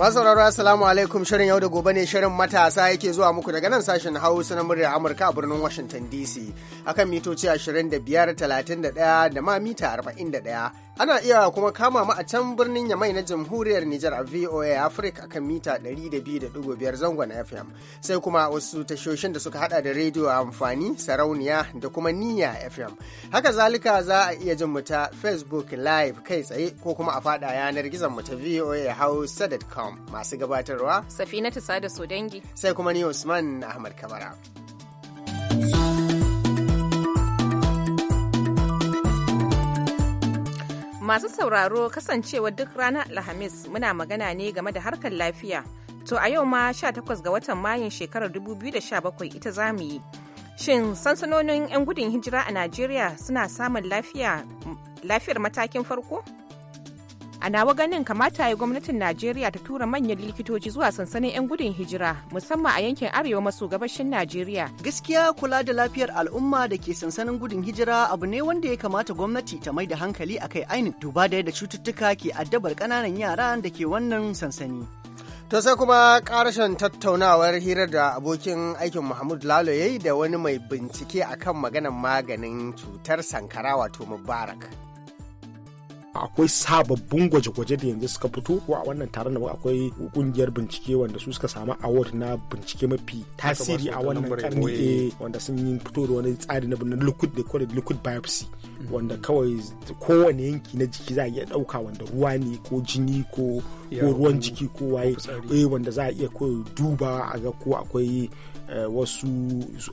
masauraro assalamu alaikum shirin yau da gobe ne shirin matasa yake zuwa muku daga nan sashen hausa na murya amurka a birnin washington dc akan mitoci 25 31 da ma mita 41 Ana iya kuma kama mu a can birnin Yamai na Jamhuriyar Nijar a VOA Africa kan mita 200.5 zangon FM. Sai kuma wasu tashoshin da suka hada da rediyo a amfani, sarauniya da kuma niyya FM. Haka zalika za a iya jin mu ta Facebook Live kai tsaye ko kuma a fada yanar gizon mu ta voahausa.com masu gabatarwa. ta Sada Sodangi. Sai kuma ni Usman Ahmad Kabara. Masu sauraro kasancewa duk ranar Alhamis muna magana ne game da harkar lafiya. To a yau ma 18 ga watan Mayun shekarar 2017 ita za mu yi. Shin sansanonin 'yan gudun hijira a Najeriya suna samun lafiyar matakin farko? a nawa ganin kamata ya gwamnatin najeriya ta tura manyan likitoci zuwa sansanin 'yan gudun hijira musamman a yankin arewa maso gabashin najeriya gaskiya kula da lafiyar al'umma da ke sansanin gudun hijira abu ne wanda ya kamata gwamnati ta mai da hankali a kai ainin duba da yadda cututtuka ke addabar kananan yara da ke wannan sansani to sai kuma shan tattaunawar hirar da abokin aikin muhammadu lalo ya yi da wani mai bincike akan maganar maganin cutar sankara wato mubarak akwai sababbin gwaje-gwaje da yanzu suka fito ko a wannan taron da akwai kungiyar bincike wanda su suka samu award na bincike mafi tasiri a wannan karni eh, wanda sun yi fito da wani tsari na bin liquid da kwarid liquid biopsy wanda kawai kowane yanki na jiki za a iya dauka wanda ruwa ne ko jini ko ruwan jiki ko waye eh, wanda za a iya ko duba a ga ko akwai eh, wasu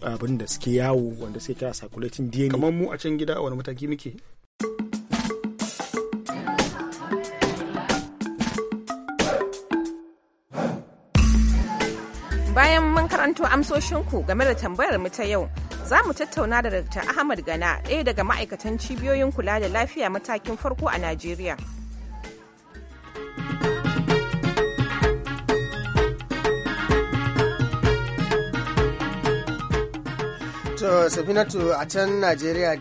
abin da suke yawo wanda suke kira circulating DNA. Kamar mu a can gida a wani mataki muke? Bayan mun karanto amsoshinku game da tambayar mu ta yau, za mu tattauna da Dr. Ahmad Gana, ɗaya daga ma'aikatan cibiyoyin kula da lafiya matakin farko a Najeriya. To Safinatu a can Najeriya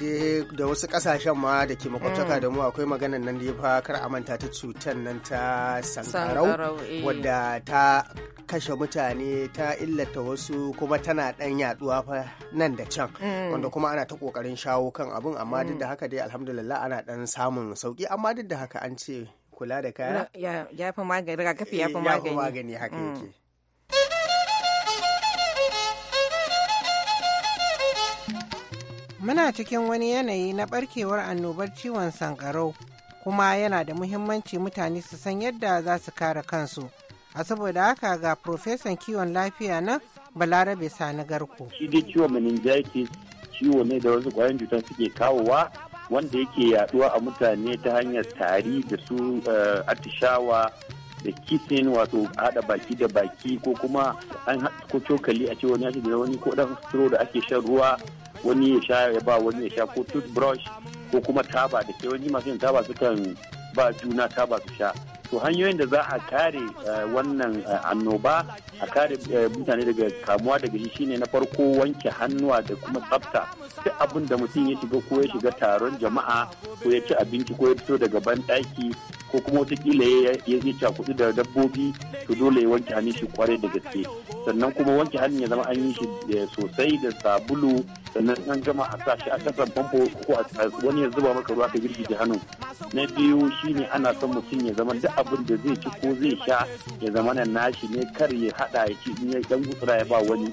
da wasu kasashen ma da ke makwabtaka mm. da mu akwai maganan nan da fa kar a manta ta cutar nan ta sankarau eh. wadda ta kashe mutane ta illata wasu kuma tana dan yaduwa fa nan da can mm. wanda kuma ana ta kokarin shawo kan abin amma duk mm. da haka dai alhamdulillah ana dan samun sauki amma duk da haka an ce kula da kaya ya fi magani rigakafi ya fi eh, magani haka yake Muna cikin wani yanayi na barkewar annobar ciwon sankarau kuma yana da muhimmanci mutane su san yadda za su kare kansu. A saboda haka ga Profesan kiwon lafiya na Balarabe Sani Garko. Shi dai ciwon meningitis ciwo ne da wasu kwayan cutar suke kawowa wanda yake yaduwa a mutane ta hanyar tari da su eh, atishawa da kisin wato hada baki da baki ko kuma an ko cokali a ce wani da wani ko dan stro da ake shan ruwa wani ya sha ya ba wani ya sha ko toothbrush ko kuma taba da ke wani masu taba sukan ba juna taba su sha to hanyoyin da za a kare eh, wannan eh, annoba a kare eh, mutane daga kamuwa daga shi shine na farko wanke hannuwa da kuma tsafta duk abin da mutum ya shiga ko ya shiga taron jama'a ko ya ci abinci ko ya fito daga banɗaki ko kuma wataƙila ya je cakudu da dabbobi to dole ya wanke hannun shi kwarai da gaske sannan kuma wanke hannun ya zama an yi shi sosai da sabulu sannan an gama a sa shi a kasan famfo ko a wani ya zuba maka ruwa ka girgije hannu na biyu shine ana son mutum ya zama duk abin da zai ci ko zai sha ya zama na nashi ne kar ya hada ya ci in ya dan gutsura ya ba wani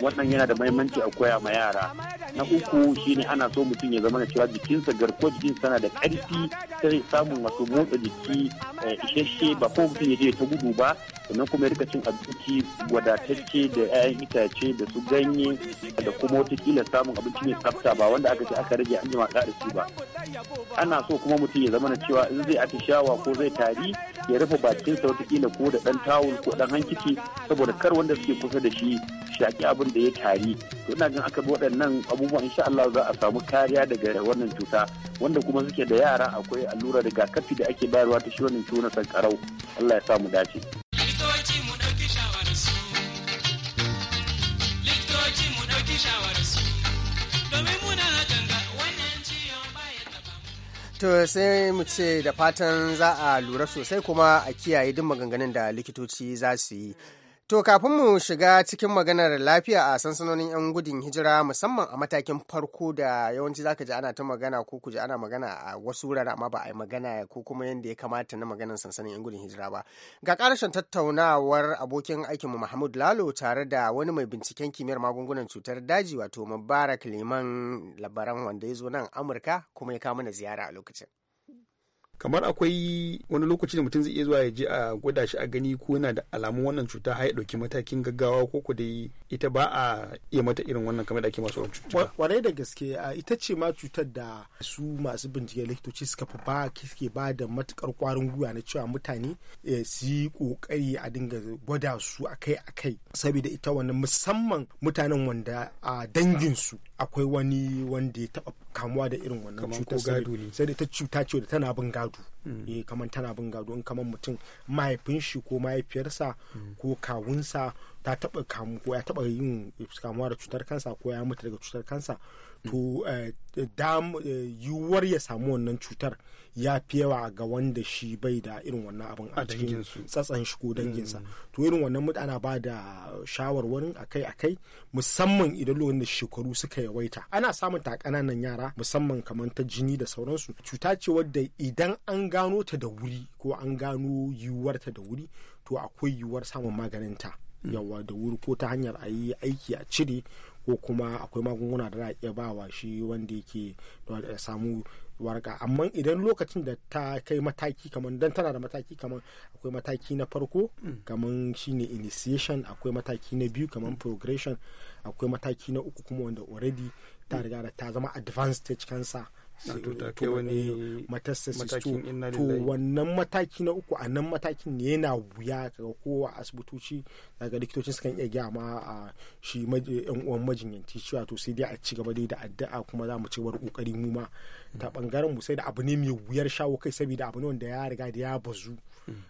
wannan yana da mahimmanci a koya ma yara na uku shine ana so mutum ya zama na cewa jikinsa garko jikin sana da karfi sai samun wasu motsa jiki eh, isasshe ba ko mutum ya je ta gudu ba sannan kuma ya cin abinci wadatacce da 'ya'yan itace da su ganye da kuma wata samun abinci mai tsafta ba wanda aka ce aka rage an jima da shi ba ana so kuma mutum ya zama na cewa in zai shawa ko zai tari ya rufe bakin bakinsa watakila ko da dan tawul ko dan hankici saboda kar wanda suke kusa da shi shaki abin da ya tari to ina jin aka bi waɗannan abubuwan insha Allah za a samu kariya daga wannan cuta wanda kuma suke da yara akwai allura rigakafi da ake bayarwa ta shi wannan cuta na sankarau Allah ya sa mu dace likitoci To sai mu ce da fatan za a lura sosai kuma a kiyaye duk maganganun da likitoci za su yi. To kafin mu shiga cikin maganar lafiya a sansanonin 'yan gudun hijira musamman a matakin farko da yawanci zaka ji ana ta magana ko ku ji ana magana a wasu wurare amma ba a yi magana ko kuma yadda ya kamata na maganar sansanin 'yan gudun hijira ba. Ga karshen tattaunawar abokin aikinmu Mahmud Lalo tare da wani mai binciken kimiyyar magungunan cutar daji wato Mubarak Liman labaran wanda ya zo nan Amurka kuma ya kawo mana ziyara a lokacin. kamar akwai wani lokaci da mutum zai iya zuwa ya je a gwada shi a gani ko yana da alamun wannan cuta har ya ɗauki matakin gaggawa ko ku dai ita ba a iya mata irin wannan kamar da ake masu cuta. Warai da gaske ita ce ma cutar da su masu bincike likitoci suka fi ba ke ba da matukar kwarin gwiwa na cewa mutane eh, su yi kokari a dinga gwada su akai akai saboda ita wannan musamman mutanen wanda a dangin su akwai wani wanda ya taba kamuwa da irin wannan cutar sai da ita cuta ce da tana bin gado gado mm. eh kamar tana bin gado in kamar mutum mahaifin shi ko mahaifiyarsa mm. ko kawunsa ta taba kamu ko ya taba yin kamuwa da cutar kansa ko ya mutu daga cutar kansa to eh, dam eh, yiwuwar ya samu wannan cutar ya fi yawa ga wanda shi bai da irin wannan abin a cikin tsatsan shi ko mm. danginsa to irin wannan mutana ba da shawarwarin akai akai musamman idan lokacin da shekaru suka yawaita ana samun ta kananan yara musamman kamar ta jini da sauransu cuta ce wadda idan an gano ta da wuri ko an gano yiwuwar ta da wuri to akwai yiwuwar samun maganin ta mm. yawa da wuri ko ta hanyar a yi aiki a cire ko kuma akwai magunguna da za a iya ba wa shi wanda yake samu warka amma idan lokacin da ta kai mataki kamar dan tana da mataki kamar akwai mataki na farko mm. kamar shine initiation akwai mataki na biyu kamar progression akwai mataki na uku kuma wanda already ta mm. riga da ta zama advanced stage cancer wato wani eh, to wannan mataki na uku a nan matakin ne yana wuya ga kowa asibitoci daga likitocin sukan iya gya ma a shi yan uwan majinyanci cewa to sai dai a ci gaba dai da addu'a kuma za mu ci gaba kokari mu ma ta bangaren mu sai da abu ne mai wuyar shawo kai saboda abu ne wanda ya riga da ya bazu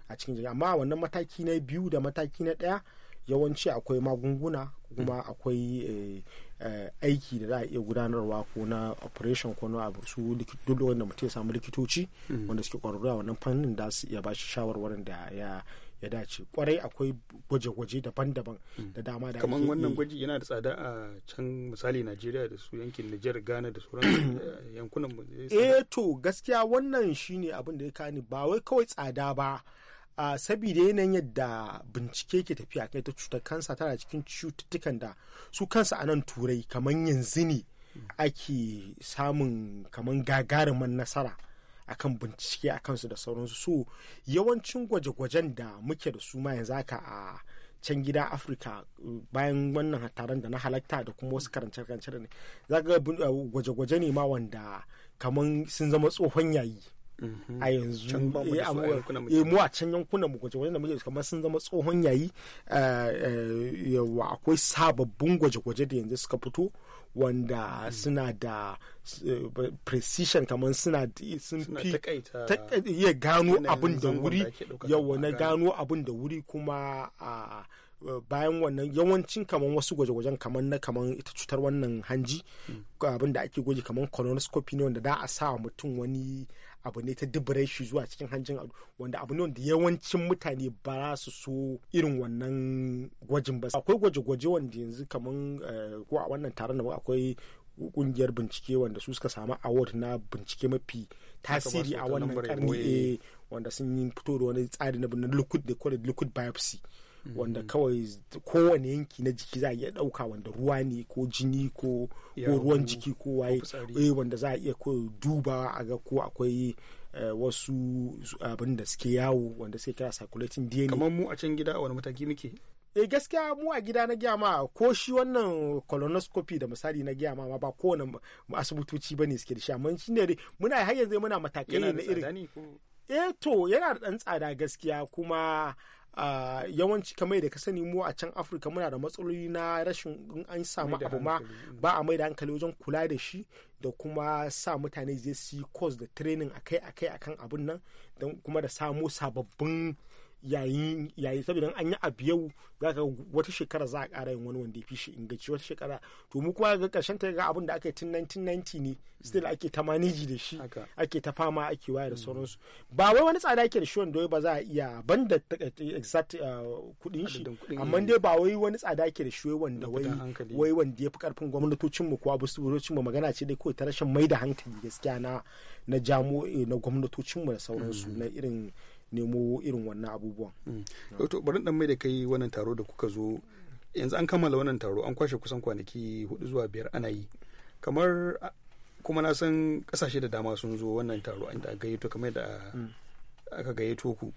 a cikin jiki amma wannan mataki na biyu da mataki na daya yawanci akwai magunguna kuma akwai eh, Eh, aiki da za a iya gudanarwa ko na operation ko na abu su dole wanda mutum ya samu likitoci mhm. wanda suke kwararru a wannan fannin da su iya ba shi shawarwarin da ya ya dace kwarai akwai gwaje-gwaje daban-daban mhm. da dama da kamar wannan gwaji yana da tsada a can misali najeriya da su yankin nijar ghana da sauran eh, yankunan eh, eh to gaskiya wannan shine abin da ya kani ba wai kawai tsada ba a sabida yanayin yadda bincike ke tafiya kai ta cutar kansa tana cikin cututtukan da su kansa a nan turai kamar yanzu ne ake samun kamar gagarumin nasara a kan bincike a kansu da sauransu so yawancin gwaje-gwajen da muke da su ma yanzu a can gida afirka bayan wannan taron da na halatta da kuma wasu karance-karance ne za ga uh, gwaje-gwaje ne ma wanda kamar sun zama tsohon yayi Mhm. a yanzu eh, eh, mu a can yankunan mu gwaje da muke kamar sun zama tsohon yayi eh, yawa akwai sababbin gwaje-gwaje da yanzu suka fito wanda mm. suna da precision kamar suna da sun fi ya gano abin da wuri yawa na gano abin da wuri kuma a bayan wannan yawancin kamar wasu gwaje-gwajen kamar na kamar ita cutar wannan hanji mm. abin da ake gwaji kamar colonoscopy ne wanda da a sa mutum wani abu ne ta dubure shi zuwa cikin hanjin wanda abu ne wanda yawancin mutane ba su so irin wannan gwajin ba akwai gwaje-gwaje wanda yanzu kaman eh, ko a wannan taron da akwai kungiyar bincike wanda su suka samu award na bincike mafi tasiri a wannan karni eh. Eh, wanda sun yi fito da wani tsari na liquid da liquid biopsy wanda mm-hmm. kawai kowane yanki na jiki za a iya ɗauka wanda ruwa ne ko jini ko ruwan jiki ko waye eh, wanda za a iya duba a ga ko akwai eh, wasu abin da suke yawo wanda suke kira circulating DNA. Kamar mu a can gida wani mataki muke? Eh gaskiya mu a gida na gyama ko shi wannan colonoscopy da misali na gyama ma ba kowane asibitoci bane suke da shi amma shi ne muna har yanzu muna matakai na irin. Eh to yana da dan tsada gaskiya kuma Uh, yawanci kamar da ka sani mu a can afirka muna da matsaloli na rashin in an samu abu ma mm. ba a mai da hankali wajen kula da shi da kuma sa mutane zai su yi course da training akai akai akan abun nan don kuma da samo sababbin yayin yayi saboda an yi abu yau za ka wata shekara za a ƙara yin wani wanda ya fi shi inganci wata shekara to mu kuma ga ƙarshen ta ga abin da aka yi tun 1990 ne still ake ta maniji da shi ake ta fama ake waye da mm. sauransu ba wai wani tsada ake da shi wanda ba za a iya ban da exact uh, kuɗin shi amma dai ba wai wani tsada ake da shi wanda wai wai wanda ya fi karfin gwamnatocin mu kuwa busurocin mu magana ce dai kawai ta rashin mai da hankali gaskiya na na jamo na gwamnatocin mu da sauransu mm. na irin nemo irin wannan abubuwan. Mm. Ah. to bari dan mai da kai wannan taro da kuka zo yanzu an kammala wannan taro an kwashe kusan kwanaki hudu zuwa biyar ana yi kamar kuma na san kasashe da dama sun zo wannan taro inda gayyato kamar da mm. aka gayyato ku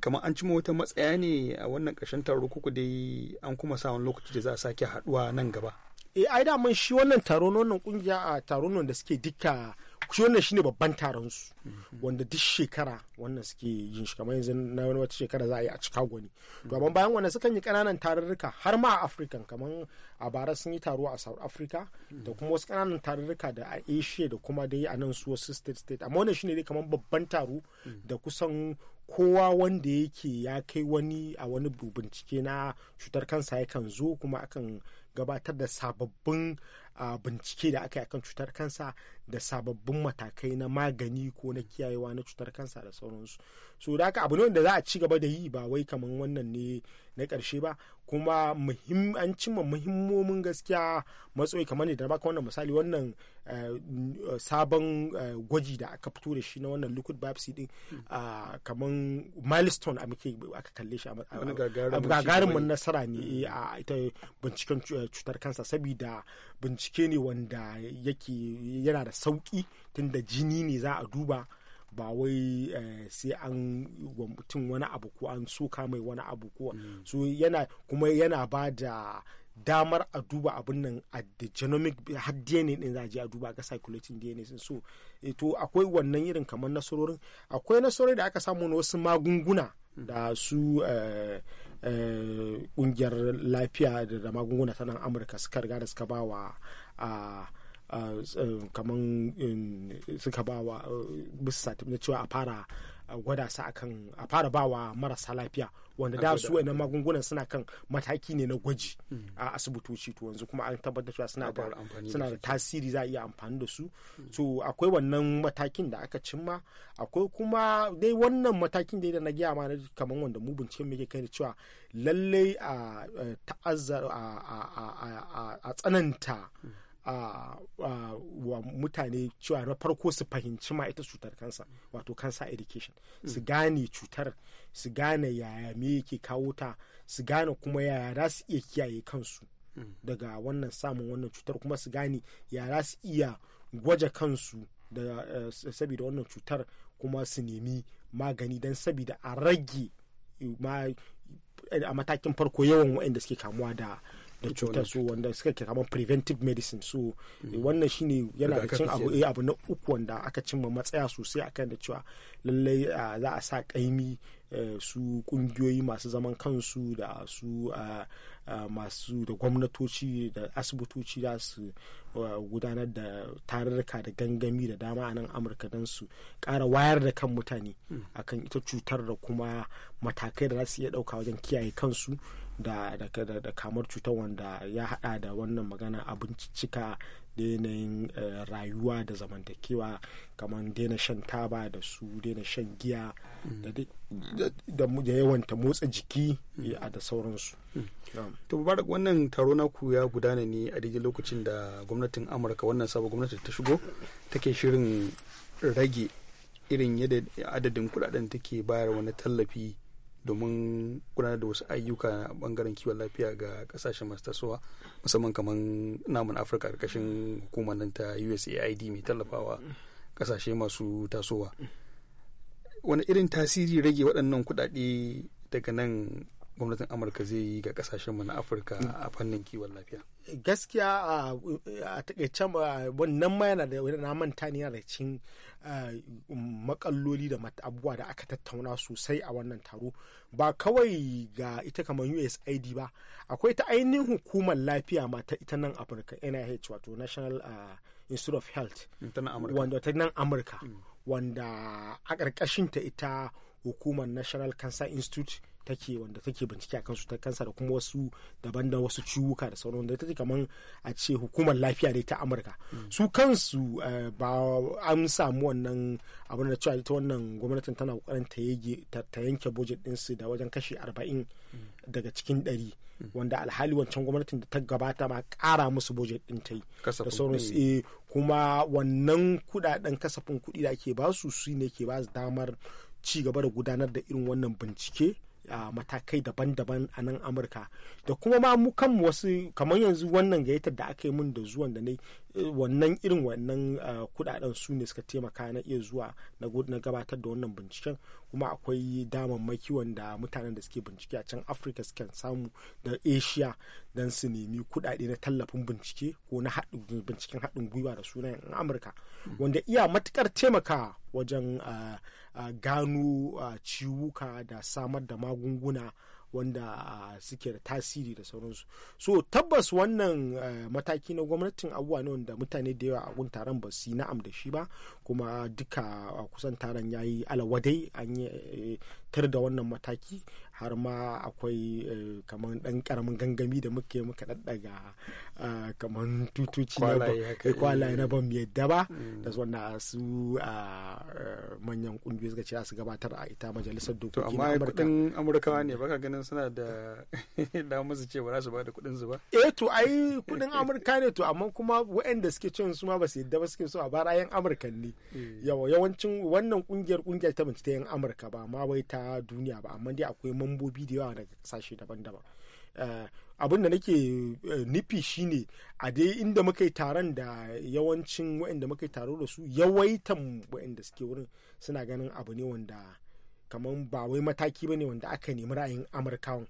kamar an cima wata matsaya ne a wannan ƙarshen taro kuku dai an kuma sa wani lokaci da za a sake haɗuwa nan gaba. eh ai da mun shi wannan taro wannan kungiya a taro da suke dukka shi wannan shine babban taron su wanda duk shekara wannan suke yin shi kamar yanzu na wani wata shekara za a yi a Chicago ne to amma bayan wannan sukan yi kananan tarurruka har ma a African kamar a bara sun yi taro a South Africa da kuma wasu kananan tarurruka da a Asia da kuma dai a nan su wasu state state amma wannan shine dai kamar babban taro da kusan kowa wanda yake ya kai wani a wani bincike na cutar kansa yakan zo kuma akan gabatar da sababbin bincike da aka yi akan cutar kansa da sababbin matakai na magani ko na kiyayewa na cutar kansa da sauransu so da haka abu ne wanda za a ci gaba da yi ba wai kamar wannan ne na karshe ba kuma an cimma muhimmomin gaskiya matsoyi kamar ne da baka wannan misali wannan eh, eh, sabon eh, gwaji da aka fito da shi na wannan liquid biopsy din mm. ah, kamar milestone a muke aka kalle shi a gagarumin nasara ne mm. a ita binciken cutar kansa saboda bincike ne wanda yake yana da sauki tunda jini ne za a duba ba wai eh, sai an wa mutum wani abu ko an soka mai wani abu ko mm. so yana kuma yana ba da damar a duba abin nan a the genomic har DNA din za a je a duba ga circulating DNA din so eh, to akwai wannan irin kamar nasarorin akwai nasarori da aka samu na wasu magunguna mm. da su kungiyar eh, lafiya da magunguna ta nan Amurka suka riga da suka ba wa ah, kaman suka ba wa uh, bisa na cewa a fara gwada su akan a fara ba wa marasa lafiya wanda da su wani magungunan suna kan mataki ne na gwaji hmm. a asibitoci to yanzu kuma an tabbatar cewa suna da suna da tasiri za a iya amfani da su hmm. to akwai wannan matakin da aka cimma akwai kuma dai wannan matakin da na gaya ma kamar wanda mu bincike muke kai da cewa lallai a ta'azzar a tsananta hmm. a wa mutane cewa na farko su fahimci ma ita cutar kansa wato kansa education hmm. su gane cutar su gane yaya me yake kawo ta su gane kuma yaya za su iya kiyaye kansu hmm. daga wannan samun wannan cutar kuma su gane za su iya gwaje kansu da eh, saboda wannan cutar kuma su nemi magani don saboda a rage a matakin farko yawan waɗanda suke kamuwa da da cutar su wanda suka kira preventive medicine so mm. eh, wannan shine yana da cin abu eh, abu na uku wanda aka cimma matsaya sosai akan da cewa lallai za a sa kaimi eh, su kungiyoyi masu zaman kansu da su masu da gwamnatoci da asibitoci za su gudanar da tarurruka da gangami da dama a nan amurka don su kara wayar da kan mutane mm. akan ita cutar da kuma matakai da za su iya dauka wajen kiyaye kansu da da kamar cutar wanda ya hada da wannan magana abincicika da yanayin eh, rayuwa da zamantakewa kamar daina shan taba da su daina shan giya da da yawanta motsa jiki eh, a da sauransu to mubarak wannan taro naku ya gudana ne a daidai lokacin da gwamnatin amurka wannan sabon gwamnati ta shigo take shirin rage irin yadda adadin kudaden take bayar wani tallafi domin gudanar da wasu ayyuka a bangaren kiwon lafiya ga kasashen masu tasowa musamman kamar namun afirka karkashin hukumar nan ta usaid mai tallafawa kasashe masu tasowa wani irin tasiri rage waɗannan kuɗaɗe daga nan gwamnatin amurka zai yi ga kasashenmu na afirka a fannin kiwon lafiya gaskiya a takaice wannan ma yana da na manta ne yana da cikin makalloli da abubuwa da aka tattauna sosai a wannan taro ba kawai ga ita kamar usaid ba akwai ta ainihin hukumar lafiya ma ta ita nan afirka nih wato national institute of health mm, wanda ta nan amurka mm. wanda a ta ita hukumar national cancer institute take wanda take bincike a kansu ta kansa da kuma wasu daban da wasu ciwuka da sauran wanda take kamar a ce hukumar lafiya ne ta Amurka mm. su kansu eh, ba an samu wannan abin da cewa ita wannan gwamnatin tana kokarin ta yanke budget su da wajen kashi arba'in mm. daga cikin 100 mm. wanda alhali wancan gwamnatin da ta gabata ma kara musu budget din ta yi da sauran su eh, kuma wannan kudaden kasafin kuɗi da ake basu su ne ke ba su damar ci gaba da gudanar da irin wannan bincike a matakai daban-daban a nan amurka da kuma ma mu kan wasu kamar yanzu wannan gayyatar da aka yi mun da zuwan da na wannan irin wannan kudaden su ne suka taimaka na iya zuwa na gabatar da wannan binciken kuma akwai damammaki wanda mutanen da suke bincike a can afirka suke samu da asia don su nemi kudade na tallafin bincike ko na binciken haɗin gwiwa da yan amurka wanda iya matukar taimaka wajen gano ciwuka da samar da magunguna wanda ah, suke da tasiri da sauransu so tabbas wannan eh, mataki na gwamnatin abubuwa ne wanda mutane da yawa a gun taron ba su yi na'am da shi ba kuma duka ah, kusan taron ya yi alawadai an yi eh, tar da wannan mataki har ma akwai eh, kamar dan karamin gangami da muke muka daddaga eh, kamar tutuci kwalaye eh, na ban yadda ba da mm. su wanda su manyan kungiyoyi suka ce su gabatar a ita majalisar dokoki na amurka kudin amurkawa ne baka ganin suna da damar su ce ba za su ba da kudin su ba eh to ai kudin amurka ne to amma kuma waɗanda suke cin su ma ba su yadda ba suke so a bara yan amurkan ne yawancin wannan kungiyar kungiyar ta bincike yan amurka ba ma wai ta duniya ba amma dai akwai mambobi da yawa daga kasashe daban-daban eh, abin da nake eh, nufi shine a dai inda muka yi taron da yawancin waɗanda muka yi taro da su yawaitan waɗanda suke wurin suna ganin abu ne wanda kamar ba wai mataki ba ne wanda aka nemi ra'ayin amurkawan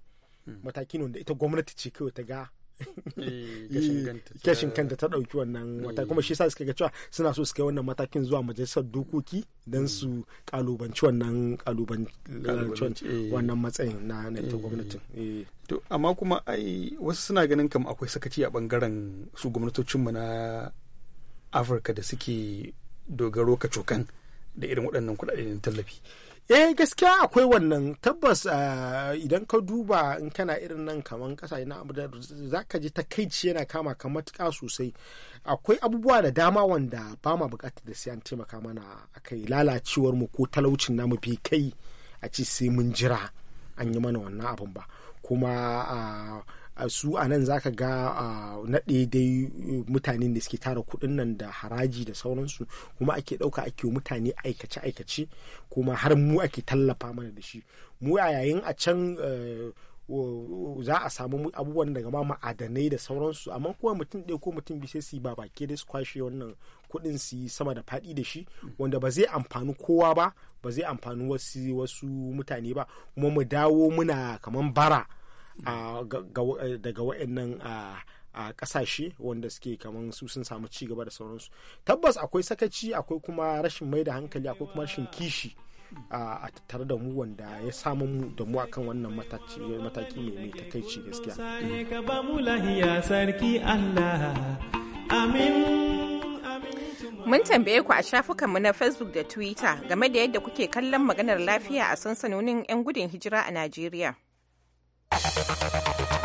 hmm. mataki ne wanda ita gwamnati ce kawai ta ga kashin eh, eh, kanta ta ɗauki wannan wata kuma shi eh. sa suka ga cewa suna so su kai wannan matakin zuwa majalisar dokoki don hmm. su kalubanci wannan wannan matsayin na ita gwamnatin to amma kuma ai wasu suna ganin kam akwai sakaci a bangaren su gwamnatocin mu na afirka da suke dogaro ka cokan da irin waɗannan kuɗaɗen tallafi eh gaskiya akwai wannan tabbas ah, idan ka duba in kana irin nan kaman kasa na za ka ji takaici yana kama ka matuka sosai akwai abubuwa da dama wanda ba ma buƙatar da sai an taimaka mana a akai lalacewar mu ko talaucin namu bai kai a ce sai mun jira an yi mana wannan abin ba kuma ah, su a nan zaka ga na dai e, mutane da suke tara kuɗin nan da haraji da sauransu kuma ake ɗauka ake mutane aikace-aikace kuma har mu ake tallafa mana da shi mu a yayin a can e, za a samu abubuwan daga ma ma'adanai da sauransu amma kuma mutum ɗaya ko mutum biyu sai su ba bake da su kwashe wannan kuɗin su yi sama da faɗi da shi wanda ba zai amfani kowa ba ba zai amfani wasu wasu mutane ba kuma mu dawo muna kaman bara Eh, daga waɗannan a kasashe wanda suke kamar su sun samu ci gaba da sauransu tabbas akwai sakaci akwai kuma rashin mai da hankali akwai kuma rashin kishi a tattare da mu wanda ya samu mu da mu akan wannan mataki mai mai takaici gaskiya Mun tambaye ku a shafukanmu na Facebook da Twitter game da yadda kuke kallon maganar lafiya a sansanonin 'yan gudun hijira a Najeriya. ¡Ah,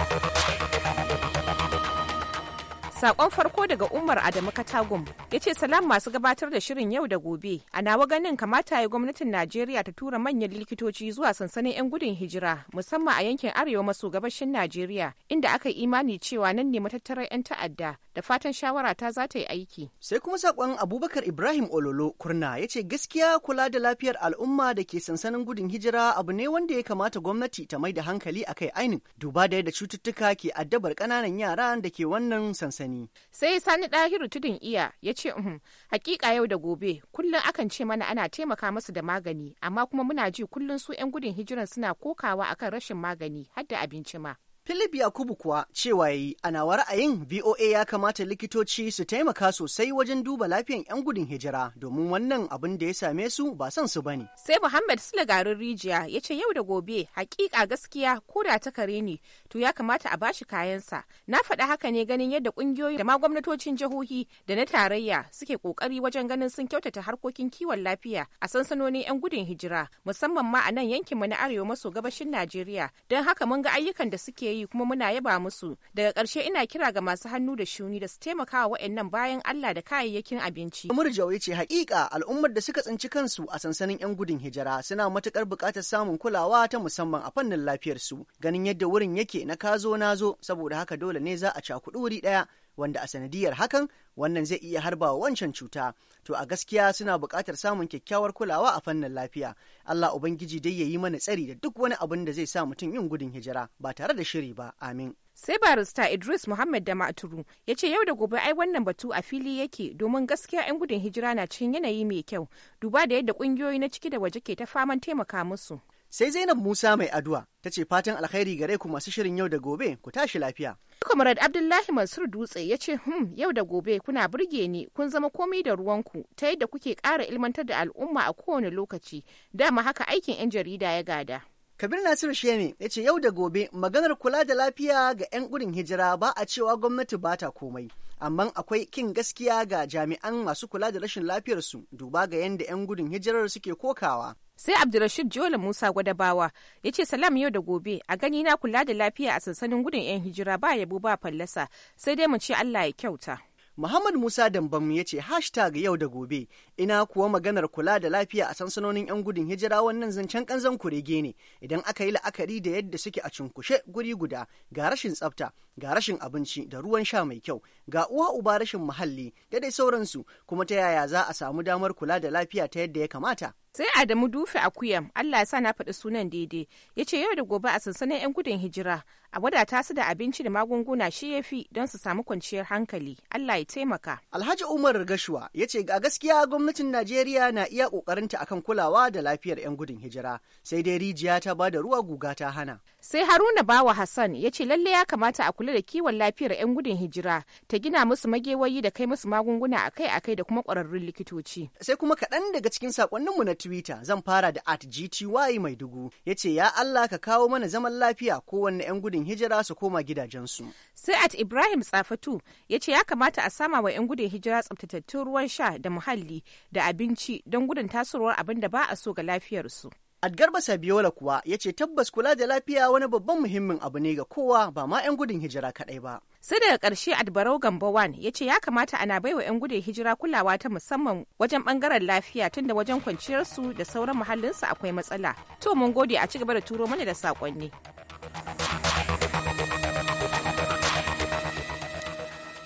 Sakon farko daga Umar Adamu Katagum ya ce salam masu gabatar da shirin yau da gobe. A nawa ganin kamata ya gwamnatin Najeriya ta tura manyan likitoci zuwa sansanin 'yan gudun hijira musamman a yankin arewa maso gabashin Najeriya inda aka yi imani cewa nan ne matattarar 'yan ta'adda da fatan shawara ta za ta yi aiki. Sai kuma sakon Abubakar Ibrahim Ololo Kurna ya ce gaskiya kula da lafiyar al'umma da ke sansanin gudun hijira abu ne wanda ya kamata gwamnati ta mai da hankali akai ainin duba da yadda cututtuka ke addabar ƙananan yaran da ke wannan sansani. Sai Sani Dahiru tudun iya ya ce uhm, hakika yau da gobe kullum akan ce mana ana taimaka masu da magani amma kuma muna ji kullum su 'yan gudun hijiran suna kokawa akan rashin magani hadda abinci ma. Philip Yakubu kuwa cewa yi ana wa ra'ayin VOA ya kamata likitoci su taimaka sosai wajen duba lafiyan 'yan gudun hijira domin wannan abin da ya same su ba son su bane. Sai Muhammad Sule garin rijiya ya ce yau da gobe hakika gaskiya ko da ta kare ne to ya kamata a bashi kayansa. Na faɗa haka ne ganin yadda ƙungiyoyi da ma gwamnatocin jihohi da na tarayya suke ƙoƙari wajen ganin sun kyautata harkokin kiwon lafiya a sansanonin 'yan gudun hijira musamman ma a nan yankinmu na arewa maso gabashin Najeriya don haka mun ga ayyukan da suke yi kuma muna yaba musu. Daga ƙarshe ina kira ga masu hannu da shuni da su taimaka wa waɗannan bayan Allah da kayayyakin abinci. Jawai ce haƙiƙa al'ummar da suka tsinci kansu a sansanin 'yan gudun hijira suna matukar buƙatar samun kulawa ta musamman a fannin lafiyarsu ganin yadda wurin yake na kazo nazo saboda haka dole ne za a cakuɗi wuri ɗaya wanda a sanadiyar hakan wannan zai iya harba wancan cuta to a gaskiya suna buƙatar samun kyakkyawar kulawa a fannin lafiya Allah ubangiji dai ya yi mana tsari da duk wani abin da zai sa mutum yin gudun hijira ba tare da shiri ba amin sai barista idris muhammad da maturu ya ce yau da gobe ai wannan batu a fili yake domin gaskiya 'yan gudun hijira na cikin yanayi mai kyau duba da yadda kungiyoyi na ciki da waje ke ta faman taimaka musu Sai Zainab Musa mai addu'a ta ce fatan alkhairi gare ku masu shirin yau da gobe ku tashi lafiya. Kamarad Abdullahi Mansur Dutse ya ce hmm yau da gobe kuna burge ni kun zama komai da ruwanku ta yadda kuke kara ilmantar da al'umma a kowane lokaci dama haka aikin 'yan jarida ya gada. Kabir Nasir shene ya ce yau da gobe maganar kula da lafiya ga 'yan gudun hijira ba a cewa gwamnati ba ta komai. Amma akwai kin gaskiya ga jami'an masu kula da rashin lafiyarsu duba ga yadda 'yan gudun hijirar suke kokawa sai abdulrashid jola musa gwadabawa ya ce salam yau da gobe a gani na kula da lafiya a sansanin gudun 'yan hijira ba yabo ba fallasa sai dai mu ce allah ya kyauta Muhammad Musa Dambam ya ce hashtag yau da gobe ina kuwa maganar kula da lafiya a sansanonin 'yan gudun hijira wannan zancen kanzan kurege ne idan aka yi la'akari da yadda suke a cunkushe guri guda ga rashin tsafta ga rashin abinci da ruwan sha mai kyau ga uwa uba rashin muhalli da dai sauransu kuma ta yaya za a samu damar kula da lafiya ta yadda ya kamata sai adamu dufe akuyam allah ya sa na faɗi sunan daidai ya ce yau da gobe a sansanin 'yan gudun hijira a wadata su da abinci da magunguna shi ya fi don su samu kwanciyar hankali allah ya taimaka alhaji umar gashuwa ya ce ga gaskiya gwamnatin najeriya na iya ƙoƙarinta akan kulawa da lafiyar 'yan gudun hijira sai dai rijiya ta ba da ruwa guga ta hana sai haruna bawa hassan ya ce lalle ya kamata a kula da kiwon lafiyar 'yan gudun hijira ta gina musu magewayi da kai musu magunguna akai-akai da kuma kwararrun likitoci sai kuma kaɗan daga cikin saƙonninmu na twitter zan fara da at gty mai dugu ya ce ya allah ka kawo mana zaman lafiya kowanne 'yan gudun hijira su koma gidajensu sai at ibrahim tsafatu ya ce ya kamata a sama wa 'yan gudun hijira tsabtatattun ruwan sha da muhalli da abinci don gudun tasurwar abin da ba a so ga lafiyarsu Adgarba Sabiola kuwa ya ce tabbas kula da lafiya wani babban muhimmin abu ne ga kowa ba ma 'yan gudun hijira kaɗai ba. Sai daga ƙarshe Adbarau Gambawan ya ce ya kamata ana baiwa 'yan gudun hijira kulawa ta musamman wajen ɓangaren lafiya tunda wajen kwanciyarsu da sauran muhallinsu akwai matsala. To mun gode a ci gaba da turo mana da saƙonni.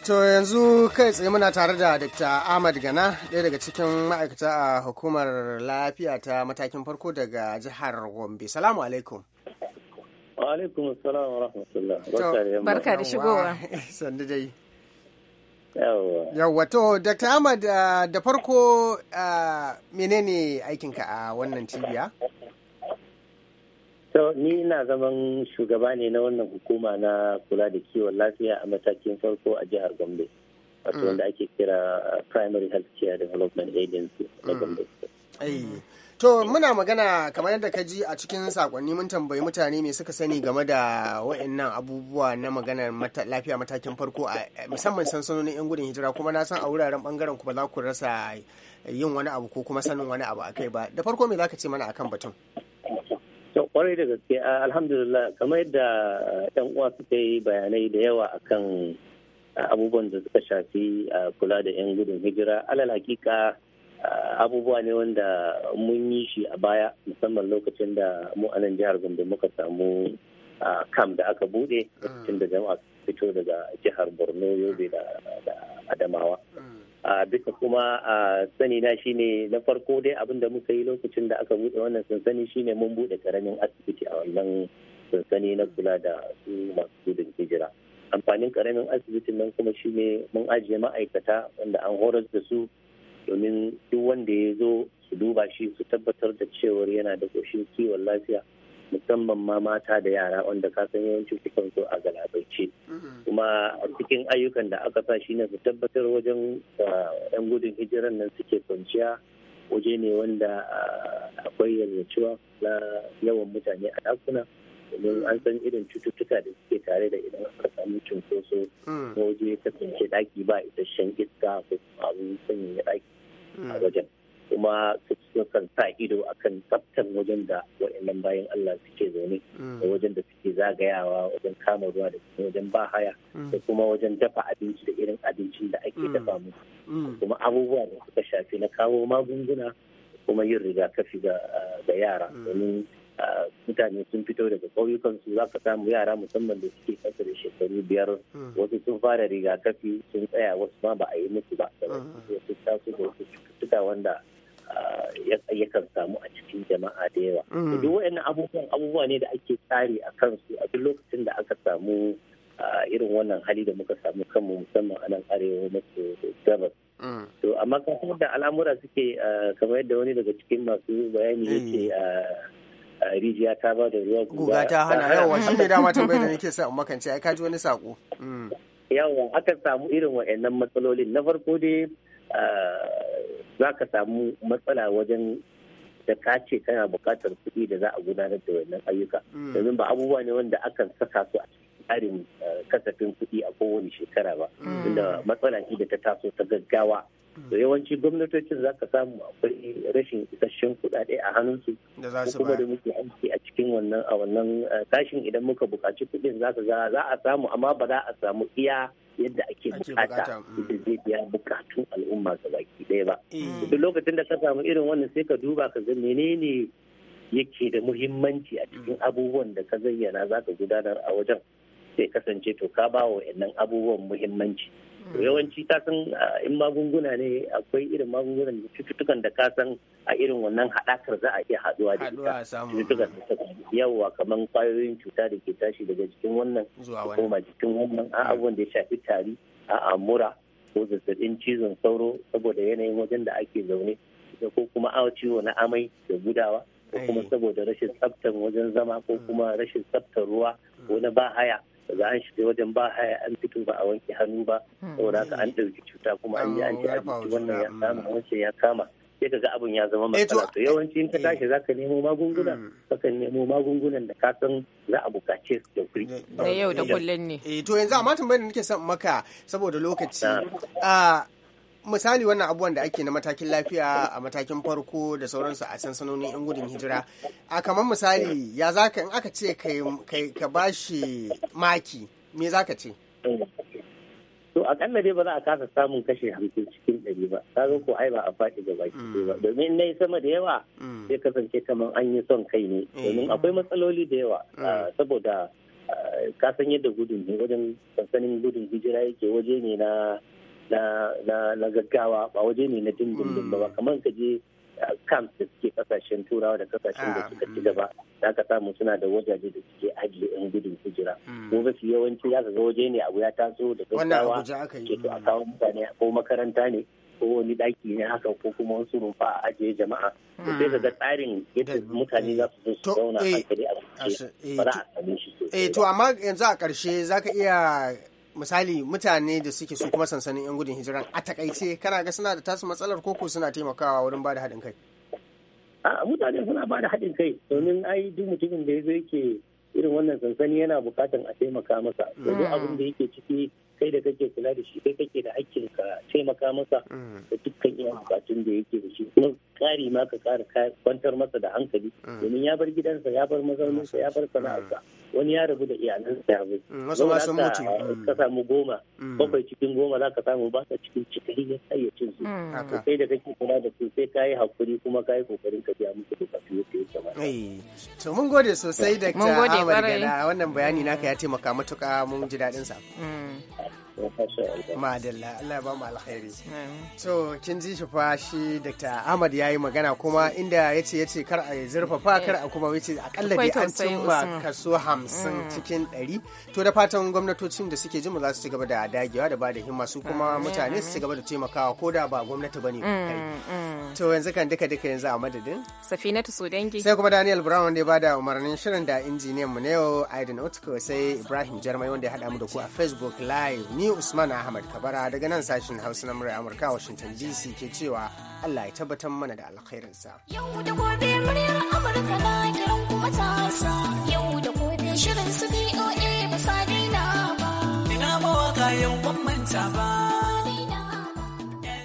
To yanzu kai tsaye muna tare da Dr. Ahmad Gana, ɗaya daga cikin ma'aikata a hukumar lafiya ta matakin farko daga jihar Gombe. Salamu alaikum. Wa alaikum assalam wa rahmatullah. Barka da shigowa. dai. Yawwa. to Dr. Ahmad ah, da farko ah, menene aikinka a wannan cibiya? So, ni na zaman shugaba ne na wannan hukuma na kula da kiwon lafiya a matakin farko a jihar Gombe. Wato mm. wanda ake kira Primary Health Care Development Agency na mm. Gombe. To muna magana kamar yadda ka ji a cikin sakonni mun tambayi mutane me suka sani game da wa'annan abubuwa na maganar lafiya matakin farko a musamman sansanonin 'yan gudun hijira kuma na san a wuraren bangaren ba za ku rasa yin wani abu ko kuma sanin wani abu akai ba da farko me zaka ce mana akan batun? kwarai da gaske alhamdulillah kamar yadda yan uwa suka yi bayanai da yawa akan abubuwan da suka shafi kula da 'yan gudun hijira alal hakika abubuwa ne wanda mun yi shi a baya musamman lokacin da mu a nan jihar gombe muka samu kam da aka bude ah. lokacin da jama'a fito daga jihar borno yobe da adamawa ah. a bisa kuma a sani na shine na farko dai abin da muka yi lokacin da aka buɗe wannan sansani shine mun buɗe karamin asibiti a wannan sansani na kula da su masu gudun hijira amfanin karamin asibitin nan kuma shine mun ajiye ma'aikata wanda an horar da su domin duk wanda ya zo su duba shi su tabbatar da cewar yana da koshin kiwon lafiya musamman ma mata da yara wanda ka san yawanci sukan so a galabaice mm-hmm. kuma a cikin ayyukan da aka sa shi ne su tabbatar wajen ah, yan gudun hijiran nan suke kwanciya waje ne wanda ah, akwai yalwacewa na yawan mutane a ɗakuna domin an san irin cututtuka da suke tare da idan aka samu cunkoso ko mm. waje ya kasance ɗaki ba isasshen iska ko abin sanya ɗaki a mm. wajen kuma sukan sa ido akan tsaftar wajen da waɗannan bayan Allah suke zaune mm. da wajen da suke zagayawa wajen kama ruwa da wajen haya mm. da kuma wajen dafa abinci da irin abincin da ake mm. dafa mu kuma abubuwa da suka shafi na kawo magunguna kuma yin rigakafi ga ah, yara domin ah, mutane sun fito daga su za ka samu yara musamman da suke kasa da shekaru biyar wasu sun fara rigakafi sun tsaya wasu ma ba a yi musu ba wasu tasu da wasu cututtuka wanda yakan samu a cikin jama'a da yawa. Mm. Duk waɗannan abubuwan abubuwa ne da ake tsari a kansu a duk lokacin da aka samu irin wannan hali da muka samu kanmu musamman a nan arewa maso gabas. Mm. To amma kan da al'amura suke kamar yadda wani daga cikin masu bayani yake mm. rijiya ta ba da ruwa guga ta hana yawa shi ne dama tambayar da nake sa makance ai kaji wani sako. Yawa akan samu irin wa'annan matsalolin na farko dai Eh, za ka samu matsala wajen da ka ce kana buƙatar kuɗi da za a gudanar da wannan ayyuka hmm. domin ba abubuwa ne wanda akan saka su a tsarin eh, kasafin kuɗi a kowane shekara ba inda hmm. matsala ita da ta taso ta gaggawa da yawanci gwamnatocin za ka samu akwai rashin isasshen kuɗaɗe a hannunsu ko kuma da muke aiki a cikin wannan a wannan eh, tashin idan muka bukaci kuɗin za ka za a samu amma ba za a samu iya yadda ake bukata mm. da zai biya bukatun al'umma ga baki ɗaya ba eh. duk lokacin da ka samu irin wannan sai ka duba ka ga menene yake da muhimmanci a cikin mm. abubuwan da ka zayyana za ka gudanar a wajen sai kasance to ka ba wa abubuwan muhimmanci to hmm. yawanci ta san in magunguna ne akwai irin magungunan cututtukan da ka san a irin wannan haɗakar za a iya haɗuwa da ita cututtukan da yawa kamar kwayoyin cuta da ke tashi daga jikin wannan koma jikin wannan a abubuwan da ya shafi tari a mura ko zazzabin cizon sauro saboda yanayin wajen da ake zaune ko kuma a ciwo na amai da gudawa ko kuma saboda rashin tsaftar wajen zama ko hmm. kuma rashin tsaftar ruwa ko na bahaya za an shiga wajen ba haya an fito ba a wanke hannu ba hmm. saboda haka an ɗauki cuta kuma an yi an ci abinci wannan ya kama hmm. wancan ya kama sai ka ga abin ya zama eh, matsala to yawanci in ka eh. tashi za ka nemo magunguna hmm. ka nemo magungunan da ka san za a bukace su da kuri na yau da kullun ne eh to yanzu amma tambayar da nake son maka saboda lokaci misali wannan abubuwan da ake na matakin lafiya a matakin farko da sauransu a sansanoni 'yan gudun hijira a kamar misali ya zaka in aka ce ka ba shi maki me za ka ce to akalla dai ba za a kasa samun kashe hamsin cikin ɗari ba ga ko ai ba a faɗi ga baki ba mm. domin nayi sama da yawa zai mm. kasance kamar an yi son kai ne eh. domin akwai matsaloli da yawa mm. ah, saboda ah, ka san yadda gudun ne wajen sansanin gudun hijira yake waje ne na na gaggawa ba waje ne na dindindin ba kamar ka je uh, camp da suke kasashen turawa da kasashen da ah. suka ci gaba za ka samu suna da wajaje da suke ajiye yan gudun hijira ko hmm. ba su yawanci za ka ga waje ne abu ya taso da gaggawa ke to a kawo mutane ko makaranta ne ko wani daki ne haka ko kuma wasu rumfa a ajiye jama'a to sai ka ga hmm. tsarin yadda mutane za su zo su zauna eh. hankali a eh, ba za a same shi eh, to amma yanzu a ƙarshe za ka iya misali mutane da suke su kuma sansanin 'yan gudun hijiran a takaice kana ga suna da tasu matsalar koko suna taimakawa wurin ba haɗin kai a mutane suna ba da haɗin kai domin ai duk mutumin da ya zo yake irin wannan sansani yana bukatan a taimaka masa mm. domin abin da yake ciki kai da kake kula da shi kai kake da hakkin ka taimaka masa mm. da dukkan iya bukatun da yake da shi ƙari ma ka ƙara kwantar masa da hankali mm. domin ya bar gidansa ya bar mazauninsa ya bar sana'arsa mm. wani ya rabu da iyalansa ya bai mm, ka samu goma bakwai cikin goma za ka samu ba ka cikin cikin ya cin su sai da kake kula da su sai ka yi hakuri kuma ka yi kokarin ka biya musu fiye yadda ya ba. to mun gode sosai da ta Ahmad wannan bayani naka ya taimaka matuka mun ji daɗin sa. Madalla, Allah ba mu alkhairi. To, kin ji shi fa shi Dr. Ahmad ya yi magana kuma inda ya ce ya ce kar a zurfafa kar a kuma wuce akalla dai an cimma kaso hamsin mm. cikin ɗari. To, da fatan gwamnatocin da suke jimu za su ci gaba da dagewa da ba da himma su kuma mutane su ci gaba da taimakawa ko da ba gwamnati ba ne. Mm, mm. To, yanzu kan duka duka yanzu a madadin. Safinatu Sudangi. Sai kuma Daniel Brown wanda ya da umarnin shirin da injiniyan mu na yau Aiden Otuko sai Ibrahim Jarmai wanda ya haɗa mu da ku a Facebook Live. Ni ni usman ahmad kabara daga nan sashen hausa na murya amurka washington dc ke cewa allah ya tabbatar mana da alkhairinsa yau da gobe muryar amurka na kiran kuma ta yau da gobe shirin su boa ba sa daina ba ina mawaka yau ban manta ba